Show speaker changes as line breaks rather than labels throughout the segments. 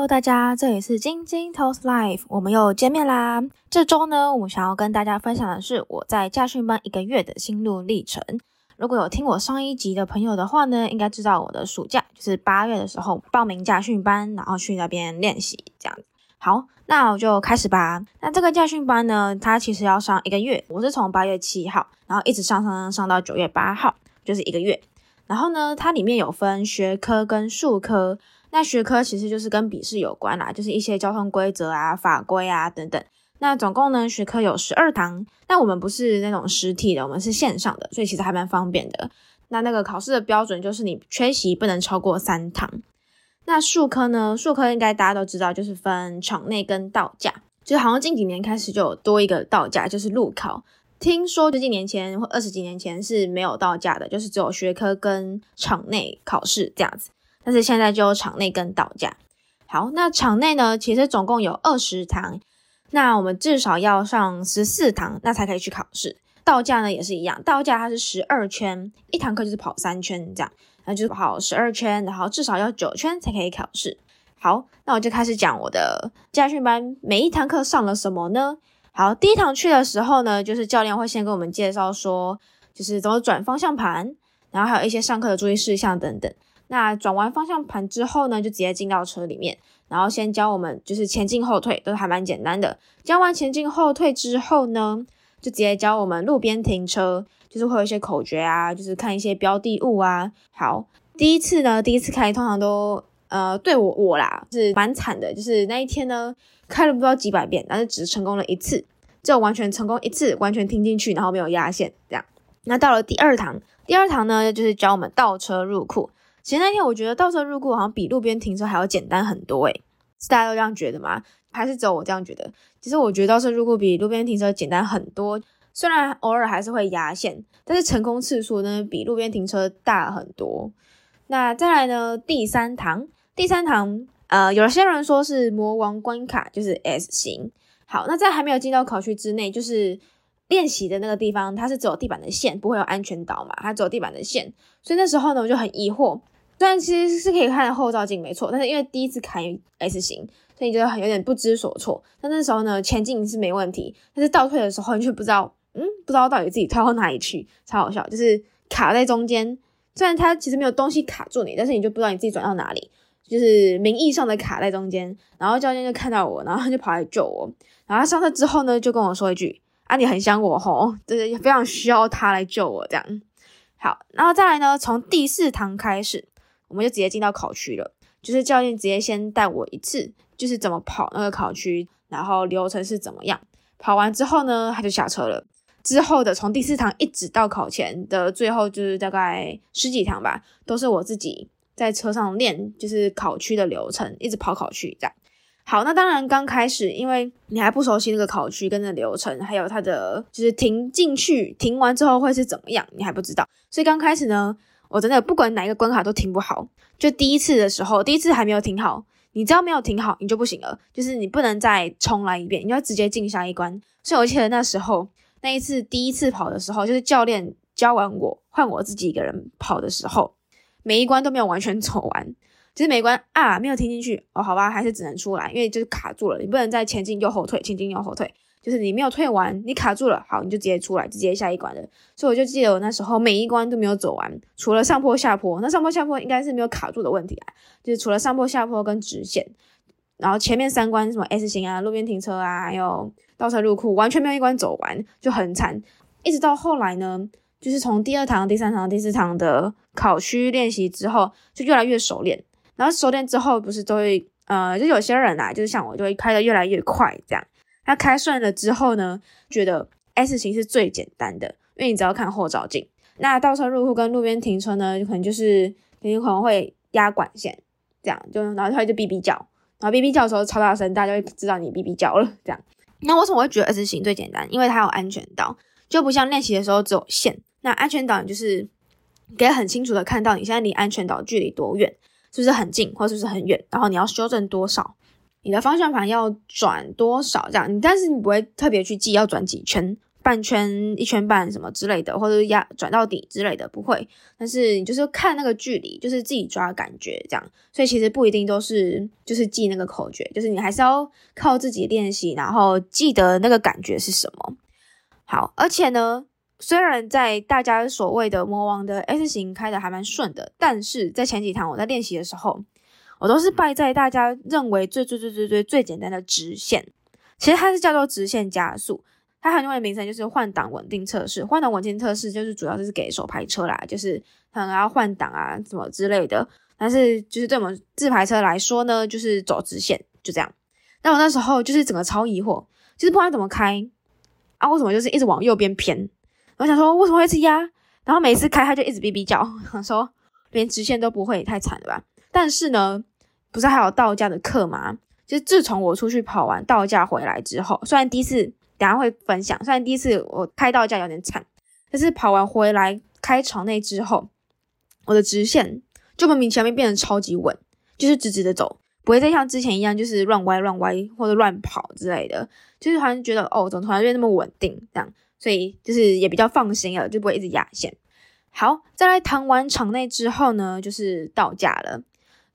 Hello，大家，這裡是晶晶 Toast Life，我們又見面啦。這周呢，我想要跟大家分享的是我在駕訓班一個月的心路歷程。如果有聽我上一集的朋友的話呢，應該知道我的暑假就是八月的時候報名駕訓班，然後去那邊練習這樣。好，那我就開始吧。那這個駕訓班呢，它其實要上一個月，我是從八月七號，然後一直上上上上到九月八號，就是一個月。然後呢，它裡面有分學科跟數科。那學科其實就是跟筆試有關啦，就是一些交通規則啊、法規啊等等。那總共呢，學科有十二堂。那我們不是那種實體的，我們是線上的，所以其實還蠻方便的。那那個考試的標準就是你缺席不能超過三堂。那術科呢，術科應該大家都知道，就是分場內跟道駕，就好像近幾年開始就有多一個道駕，就是路考。聽說十幾年前或二十幾年前是沒有道駕的，就是只有學科跟場內考試這樣子。但是現在就有場內跟道架。好，那場內呢，其實總共有二十堂，那我們至少要上十四堂，那才可以去考試。道架呢也是一樣，道架它是十二圈，一堂課就是跑三圈這樣，那就是跑十二圈，然後至少要九圈才可以考試。好，那我就開始講我的家訓班，每一堂課上了什麼呢？好，第一堂去的時候呢，就是教練會先跟我們介紹說，就是怎麼轉方向盤，然後還有一些上課的注意事項等等。那轉完方向盤之後呢，就直接進到車裡面，然後先教我們就是前進後退，都還蠻簡單的。教完前進後退之後呢，就直接教我們路邊停車，就是會有一些口訣啊，就是看一些標的物啊。好，第一次呢，第一次開通常都呃對我我啦，就是蠻慘的，就是那一天呢開了不知道幾百遍，但是只成功了一次，就完全成功一次，完全停進去，然後沒有壓線這樣。那到了第二堂，第二堂呢就是教我們倒車入庫。前兩天我覺得倒車入庫好像比路邊停車還要簡單很多，欸、是大家都這樣覺得嗎？還是只有我這樣覺得？其實我覺得倒車入庫比路邊停車簡單很多，雖然偶爾還是會壓線，但是成功次數呢比路邊停車大很多。那再來呢，第三堂，第三堂呃，有些人說是魔王關卡，就是 S 型。好,那在還沒有進到考區之內，就是練習的那個地方，它是走地板的線，不會有安全島嘛，它走地板的線，所以那時候呢我就很疑惑。雖然其實是可以看後照鏡，沒錯，但是因為第一次看 S 型，所以覺得很有點不知所措。但那時候呢，前進是沒問題，但是倒退的時候你卻不知道，嗯，不知道到底自己退到哪裡去，超好笑，就是卡在中間。雖然他其實沒有東西卡住你，但是你就不知道你自己轉到哪裡，就是名義上的卡在中間。然後教練就看到我，然後他就跑來救我。然後上車之後呢，就跟我說一句：“啊，你很想我吼，就是非常需要他來救我這樣。”好，然後再來呢，從第四堂開始。我們就直接進到考區了，就是教練直接先帶我一次，就是怎麼跑那個考區，然後流程是怎麼樣。跑完之後呢，他就下車了。之後的從第四堂一直到考前的最後，就是大概十幾堂吧，都是我自己在車上練，就是考區的流程，一直跑考區這樣。好，那當然剛開始，因為你還不熟悉那個考區跟那流程，還有它的就是停進去，停完之後會是怎麼樣，你還不知道，所以剛開始呢。我真的不管哪一個關卡都停不好，就第一次的時候，第一次還沒有停好，你只要沒有停好你就不行了，就是你不能再重來一遍，你就要直接進下一關。所以我記得那時候那一次第一次跑的時候，就是教練教完我換我自己一個人跑的時候，每一關都沒有完全走完，就是每一關啊沒有聽進去哦，好吧，還是只能出來，因為就是卡住了，你不能再前進又後退，前進又後退。就是你沒有退完，你卡住了，好，你就直接出來，直接下一關了。所以我就記得我那時候每一關都沒有走完，除了上坡下坡。那上坡下坡應該是沒有卡住的問題啊，就是除了上坡下坡跟直線，然後前面三關什麼 S 型啊、路邊停車啊、還有倒車入庫，完全沒有一關走完，就很慘。一直到後來呢，就是從第二堂、第三堂、第四堂的考區練習之後，就越來越熟練。然後熟練之後，不是都會呃，就有些人啊，就是像我，就會開的越來越快這樣。那開順了之後呢，覺得 S 型是最簡單的，因為你只要看後照鏡。那倒車入庫跟路邊停車呢，就可能就是你可能會壓管線，這樣就然後他就嗶嗶叫，然後嗶嗶叫的時候超大聲，大家就會知道你嗶嗶叫了。這樣，那為什麼我會覺得 S 型最簡單？因為它有安全島，就不像練習的時候只有線。那安全島你就是可以很清楚的看到你現在離安全島距離多遠，是不是很近，或是不是很遠，然後你要修正多少。你的方向盤要轉多少這樣？你但是你不會特別去記要轉幾圈、半圈、一圈半什麼之類的，或者壓轉到底之類的不會。但是你就是看那個距離，就是自己抓感覺這樣。所以其實不一定都是就是記那個口訣，就是你還是要靠自己練習，然後記得那個感覺是什麼。好，而且呢，雖然在大家所謂的魔王的 S 型開的還蠻順的，但是在前幾堂我在練習的時候。我都是敗在大家認為最最最，最最最最最最簡單的直線，其實它是叫做直線加速，它還有另外一個名稱就是換擋穩定測試。換擋穩定測試就是主要就是給手排車啦，就是可能要換擋啊，什麼之類的。但是就是對我們自排車來說呢，就是走直線就這樣。那我那時候就是整個超疑惑，就是不管怎麼開啊，為什麼就是一直往右邊偏？我想說為什麼會一直壓？然後每次開它就一直嗶嗶叫，說連直線都不會，太慘了吧？但是呢。不是還有道駕的課嗎？就是自從我出去跑完道駕回來之後，雖然第一次等一下會分享，雖然第一次我開道駕有點慘，但是跑完回來開場內之後，我的直線就莫名其妙變得超級穩，就是直直的走，不會再像之前一樣就是亂歪亂歪或者亂跑之類的，就是好像覺得哦，怎麼突然變那麼穩定這樣，所以就是也比較放心了，就不會一直壓線。好，再來談完場內之後呢，就是道駕了。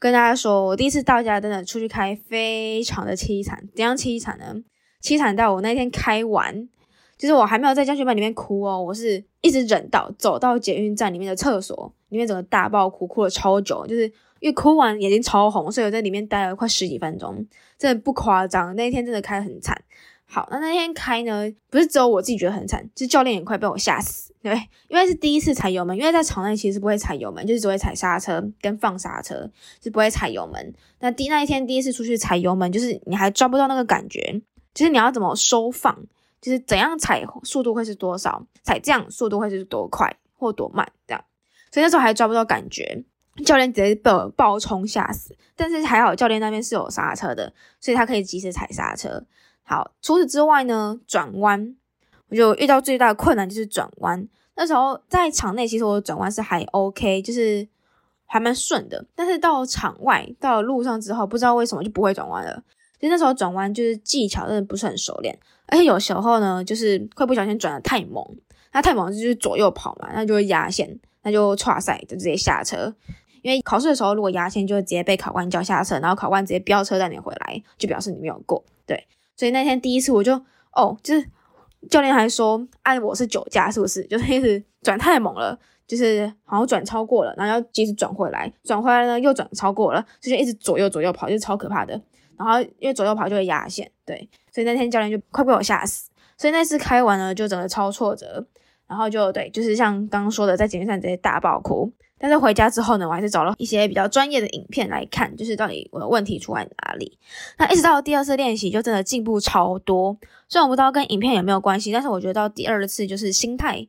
跟大家說，我第一次道駕真的出去開，非常的淒慘。怎樣淒慘呢？淒慘到我那天開完，就是我還沒有在駕訓班裡面哭哦，我是一直忍到走到捷運站裡面的廁所裡面，整個大爆哭，哭了超久。就是因為哭完眼睛超紅，所以我在裡面待了快十幾分鐘，真的不誇張。那一天真的開得很慘。好，那那天開呢，不是只有我自己覺得很慘，就是教練也快被我嚇死，對，因為是第一次踩油門，因為在場內其實不會踩油門，就是只會踩剎車跟放剎車，是不會踩油門。那第一那一天第一次出去踩油門，就是你還抓不到那個感覺，就是你要怎麼收放，就是怎樣踩速度會是多少，踩這樣速度會是多快或多慢這樣，所以那時候還抓不到感覺，教練直接被我暴衝嚇死，但是還好教練那邊是有剎車的，所以他可以及時踩剎車。好，除此之外呢，轉彎我就遇到最大的困難就是轉彎。那時候在場內其實我轉彎是還 OK，就是還蠻順的。但是到了場外到了路上之後，不知道為什麼就不會轉彎了。其實那時候轉彎就是技巧，真的不是很熟練，而且有時候呢，就是會不小心轉得太猛。那太猛就是左右跑嘛，那就會壓線，那就掛賽，就直接下車。因為考試的時候，如果壓線，就會直接被考官叫下車，然後考官直接飆車帶你回來，就表示你沒有過。對。所以那天第一次我就哦，就是教練還說，哎，我是酒駕是不是？就是一直轉太猛了，就是好像轉超過了，然後要及時轉回來，轉回來呢又轉超過了，所以就一直左右左右跑，就是超可怕的。然後因為左右跑就會壓線，對，所以那天教練就快被我嚇死。所以那次開完了就整個超挫折。然後就對，就是像剛剛說的，在節目上直接大爆哭。但是回家之後呢，我還是找了一些比較專業的影片來看，就是到底我的問題出在哪裡。那一直到第二次練習，就真的進步超多。雖然我不知道跟影片有沒有關係，但是我覺得到第二次就是心態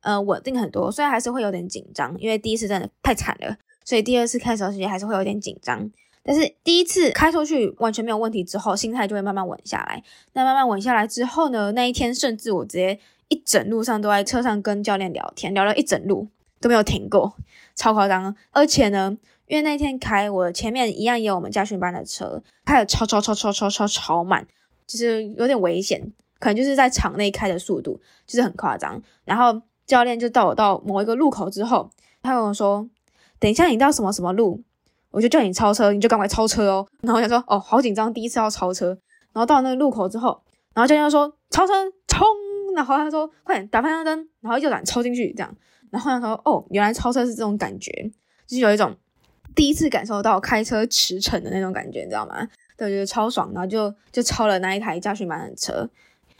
呃，穩定很多。雖然還是會有點緊張，因為第一次真的太慘了，所以第二次開的時候其實還是會有點緊張。但是第一次開出去完全沒有問題之後，心態就會慢慢穩下來。那慢慢穩下來之後呢，那一天甚至我直接。一整路上都在車上跟教練聊天，聊了一整路都沒有停過，超誇張。而且呢，因為那天開我前面一樣也有我們駕訓班的車，開的超超超超超超超超慢，就是有點危險，可能就是在場內開的速度就是很誇張。然後教練就帶我到某一個路口之後，他跟我說：“等一下你到什麼什麼路，我就叫你超車，你就趕快超車哦。”然後我想說：“哦，好緊張，第一次要超車。”然後到那個路口之後，然後教練就說：“超車，衝！”然後他說：“快點打方向燈，然後右轉超進去。”這樣，然後他說：“哦，原來超車是這種感覺，就是有一種第一次感受到開車馳騁的那種感覺，你知道嗎？對，覺得超爽。”然後就就超了那一台駕訓班的車。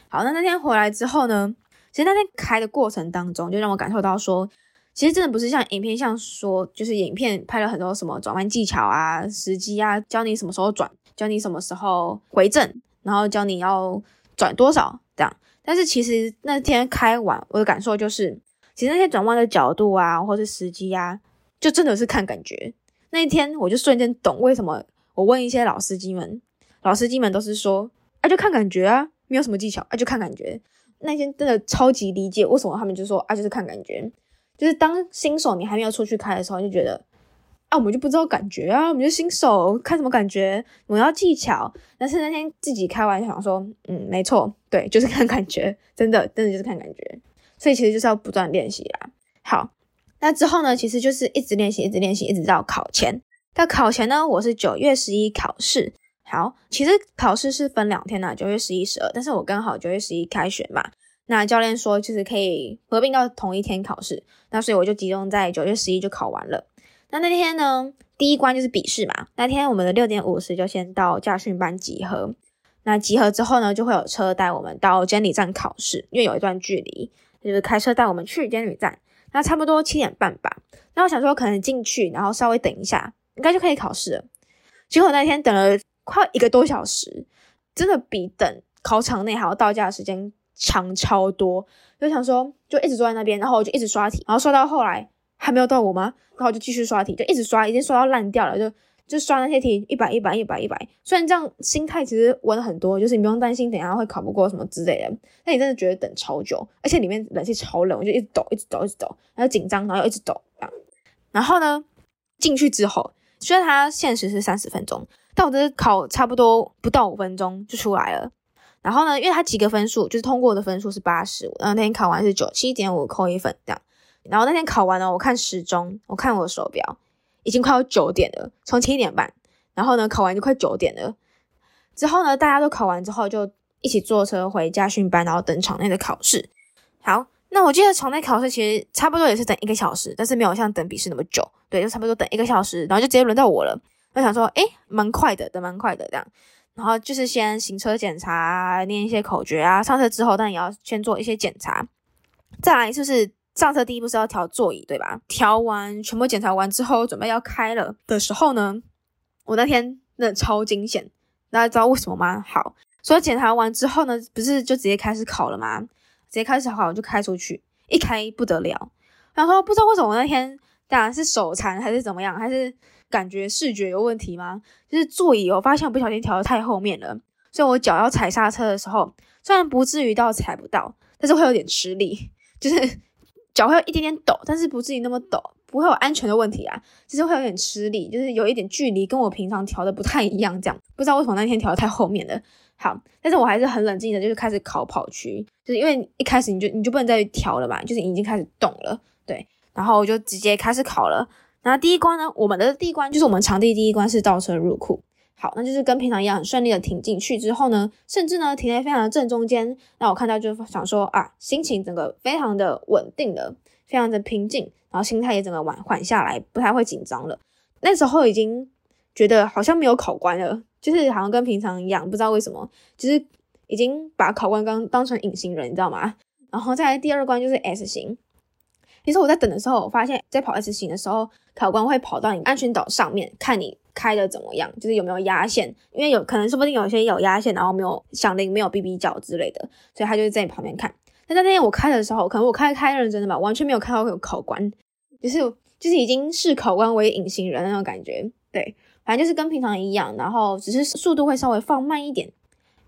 好，那那天回來之後呢，其實那天開的過程當中，就讓我感受到說，其實真的不是像影片像說，就是影片拍了很多什麼轉彎技巧啊、時機啊，教你什麼時候轉，教你什麼時候回正，然後教你要轉多少這樣。但是其實那天開完，我的感受就是，其實那些轉彎的角度啊，或者是時機啊，就真的是看感覺。那一天我就瞬間懂為什麼我問一些老司機們，老司機們都是說，啊，就看感覺啊，沒有什麼技巧，啊，就看感覺。那天真的超級理解為什麼他們就說，啊，就是看感覺，就是當新手你還沒有出去開的時候，就覺得。啊，我們就不知道感覺啊，我們就新手，看什麼感覺？我們要技巧。但是那天自己開玩笑說，嗯，沒錯，對，就是看感覺，真的，真的就是看感覺。所以其實就是要不斷練習啦。好，那之後呢，其實就是一直練習，一直練習，一直到考前。到考前呢，我是九月十一考試。好，其實考試是分兩天呢啊，九月十一、十二。但是我剛好九月十一開學嘛，那教練說其實可以合併到同一天考試。那所以我就集中在九月十一就考完了。那那天呢，第一關就是筆試嘛。那天我們的六點五十就先到駕訓班集合。那集合之後呢，就會有車帶我們到監理站考試，因為有一段距離，就是開車帶我們去監理站。那差不多七點半吧。那我想說，可能進去，然後稍微等一下，應該就可以考試了。結果那天等了快一個多小時，真的比等考場內還要道駕的時間長超多。就想說，就一直坐在那邊，然後我就一直刷題，然後刷到後來。還沒有到我嗎？然後我就繼續刷題，就一直刷，已經刷到爛掉了，就就刷那些題，一百一百一百一百。雖然這樣心態其實穩很多，就是你不用擔心等一下會考不過什麼之類的。但你真的覺得等超久，而且裡面冷氣超冷，我就一直抖，一直抖，一直抖，然後緊張，然後一直抖這樣。然後呢，進去之後，雖然它限時是三十分鐘，但我只是考差不多不到五分鐘就出來了。然後呢，因為它及格分數就是通過的分數是八十五，然後那天考完是九七點五扣一分這樣。然後那天考完了，我看時鐘，我看我的手表，已經快要九點了，從七點半。然後呢，考完就快九點了。之後呢，大家都考完之後，就一起坐車回駕訓班，然後等場內的考試。好，那我記得場內考試其實差不多也是等一個小時，但是沒有像等筆試那麼久。對，就差不多等一個小時，然後就直接輪到我了。我想說，誒，蠻快的，等蠻快的這樣。然後就是先行車檢查，念一些口訣啊。上車之後，但也要先做一些檢查，再來就是。上車第一步是要調座椅，對吧？調完全部檢查完之後，準備要開了的時候呢，我那天那超驚險！大家知道為什麼嗎？好，所以檢查完之後呢，不是就直接開始考了嗎？直接開始考，我就開出去，一開不得了！然後不知道為什麼我那天當然是手殘還是怎麼樣，還是感覺視覺有問題嗎？就是座椅，我發現我不小心調得太後面了，所以我腳要踩剎車的時候，雖然不至於到踩不到，但是會有點吃力，就是。腳會有一點點抖，但是不至於那麼抖，不會有安全的問題啊。其實會有點吃力，就是有一點距離跟我平常調的不太一樣，這樣不知道為什麼那天調得太後面了。好，但是我還是很冷靜的，就是開始考跑區，就是因為一開始你就你就不能再調了嘛，就是已經開始動了，對，然後我就直接開始考了。那第一關呢，我們的第一關就是我們場地第一關是倒車入庫。好，那就是跟平常一樣很順利的停進去之後呢，甚至呢停在非常的正中間。那我看到就想說啊，心情整個非常的穩定的，非常的平靜，然後心態也整個緩緩下來，不太會緊張了。那時候已經覺得好像沒有考官了，就是好像跟平常一樣，不知道為什麼，就是已經把考官剛當成隱形人，你知道嗎？然後再來第二關就是 S 型。其實我在等的時候，我發現，在跑 S 型的時候，考官會跑到你安全島上面看你開的怎麼樣，就是有沒有壓線。因為有可能說不定有些有壓線，然後沒有響鈴，沒有嗶嗶叫之類的，所以他就在你旁邊看。但在那天我開的時候，可能我開開認真的吧，完全沒有看到有考官，就是就是已經視考官為隱形人的那種感覺。對，反正就是跟平常一樣，然後只是速度會稍微放慢一點，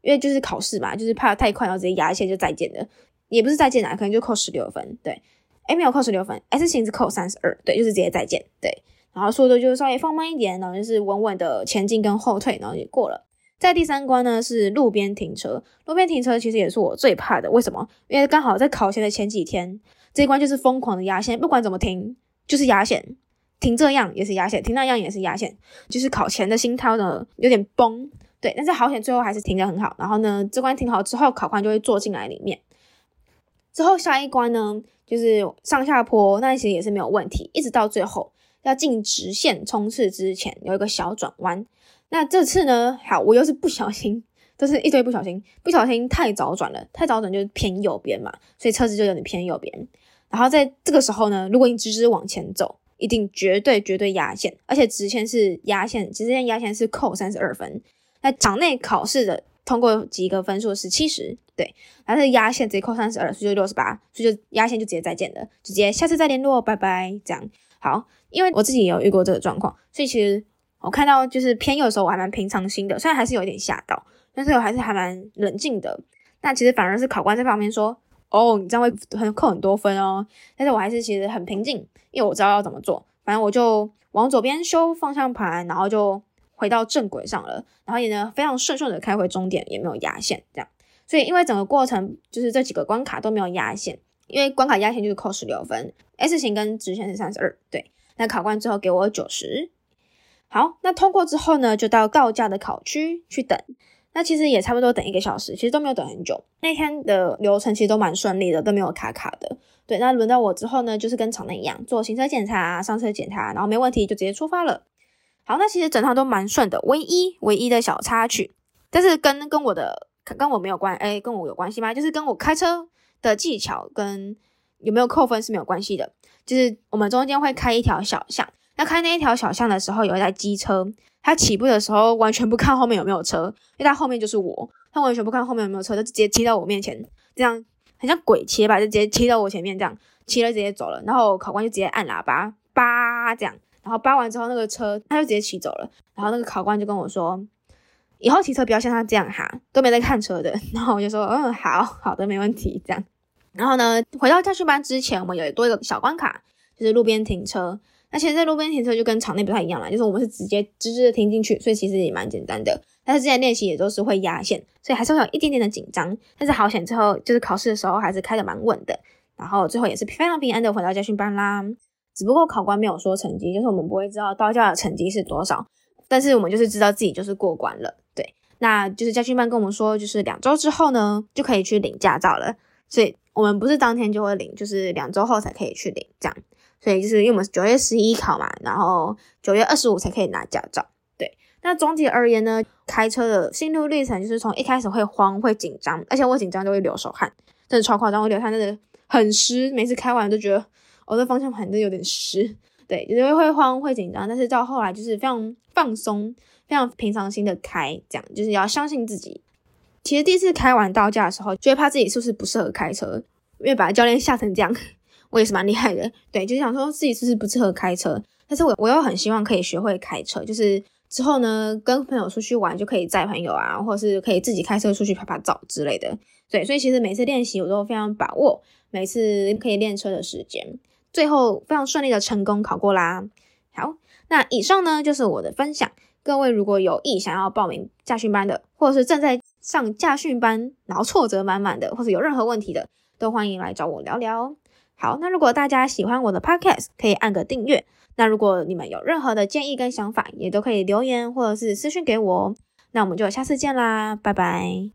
因為就是考試嘛，就是怕太快然後直接壓線就再見的，也不是再見啦，啊，可能就扣十六分。對。哎、欸，沒有扣十六分，S、欸、型是扣三十二，對，就是直接再見，對。然後速度就是稍微放慢一點，然後就是穩穩的前進跟後退，然後就過了。在第三關呢是路邊停車，路邊停車其實也是我最怕的，為什麼？因為剛好在考前的前幾天，這一關就是瘋狂的壓線，不管怎麼停，就是壓線，停這樣也是壓線，停那樣也是壓線，就是考前的心態呢有點崩，對。但是好險最後還是停得很好。然後呢，這關停好之後，考官就會坐進來裡面。之後下一關呢？就是上下坡，那其實也是沒有問題，一直到最後要進直線衝刺之前有一個小轉彎。那這次呢，好，我又是不小心，都是一堆不小心，不小心太早轉了，太早轉就是偏右邊嘛，所以車子就有點偏右邊。然後在這個時候呢，如果你直直往前走，一定絕對絕對壓線，而且直線是壓線，直線壓線是扣三十二分。那場內考試的通過及格分數是七十。170，對，但是壓線直接扣三十二，所以就六十八，所以就壓線就直接再見了，直接下次再聯絡，拜拜，這樣好。因為我自己也有遇過這個狀況，所以其實我看到就是偏右的時候，我還蠻平常心的，雖然還是有一點嚇到，但是我還是還蠻冷靜的。但其實反而是考官在旁邊說：“哦，你這樣會很扣很多分哦。”但是我還是其實很平靜，因為我知道要怎麼做，反正我就往左邊修方向盤，然後就回到正軌上了，然後也能非常順順的開回終點，也沒有壓線，這樣。所以，因為整個過程就是這幾個關卡都沒有壓線，因為關卡壓線就是扣十六分，S 型跟直線是三十二。對，那考完之後給我九十。好，那通過之後呢，就到道駕的考區去等。那其實也差不多等一個小時，其實都沒有等很久。那天的流程其實都蠻順利的，都沒有卡卡的。對，那輪到我之後呢，就是跟場內一樣做行車檢查、上車檢查，然後沒問題就直接出發了。好，那其實整趟都蠻順的，唯一唯一的小插曲，但是跟跟我的。跟我沒有關，哎、欸，跟我有關係嗎？就是跟我開車的技巧跟有沒有扣分是沒有關係的。就是我們中間會開一條小巷，那開那一條小巷的時候，有一台機車，它起步的時候完全不看後面有沒有車，因為它後面就是我，它完全不看後面有沒有車，就直接切到我面前，這樣很像鬼切吧，就直接切到我前面這樣騎了直接走了，然後考官就直接按喇叭，叭這樣，然後叭完之後那個車它就直接騎走了，然後那個考官就跟我說。以後騎車不要像他這樣哈，都沒在看車的。然後我就說，嗯，好好的，沒問題這樣。然後呢，回到駕訓班之前，我們有多一個小關卡，就是路邊停車。那其實在路邊停車就跟場內不太一樣了，就是我們是直接直直的停進去，所以其實也蠻簡單的。但是之前練習也都是會壓線，所以還是會有一點點的緊張。但是好險之後，最後就是考試的時候還是開得蠻穩的。然後最後也是非常平安的回到駕訓班啦。只不過考官沒有說成績，就是我們不會知道道駕的成績是多少。但是我們就是知道自己就是過關了，對，那就是駕訓班跟我們說，就是兩周之後呢就可以去領駕照了，所以我們不是當天就會領，就是兩周後才可以去領，這樣，所以就是因為我們是九月十一考嘛，然後九月二十五才可以拿駕照，對。那總體而言呢，開車的心路歷程就是從一開始會慌會緊張，而且我緊張就會流手汗，真的超誇張，我流汗真的很濕，每次開完就覺得我的、哦、方向盤都有點濕，對，因、就、為、是、會慌會緊張，但是到後來就是非常。放鬆，非常平常心的開，這樣就是要相信自己。其實第一次開完道駕的時候，就會怕自己是不是不適合開車，因為把教練嚇成這樣，我也是蠻厲害的。對，就想說自己是不是不適合開車，但是我我又很希望可以學會開車，就是之後呢跟朋友出去玩就可以載朋友啊，或者是可以自己開車出去拍拍照之類的。對，所以其實每次練習我都非常把握每次可以練車的時間，最後非常順利的成功考過啦。好。那以上呢，就是我的分享。各位如果有意想要報名駕訓班的，或者是正在上駕訓班，然後挫折滿滿的，或者有任何問題的，都歡迎來找我聊聊。好，那如果大家喜歡我的 podcast，可以按個訂閱。那如果你們有任何的建議跟想法，也都可以留言或者是私訊給我哦。那我們就下次見啦，拜拜。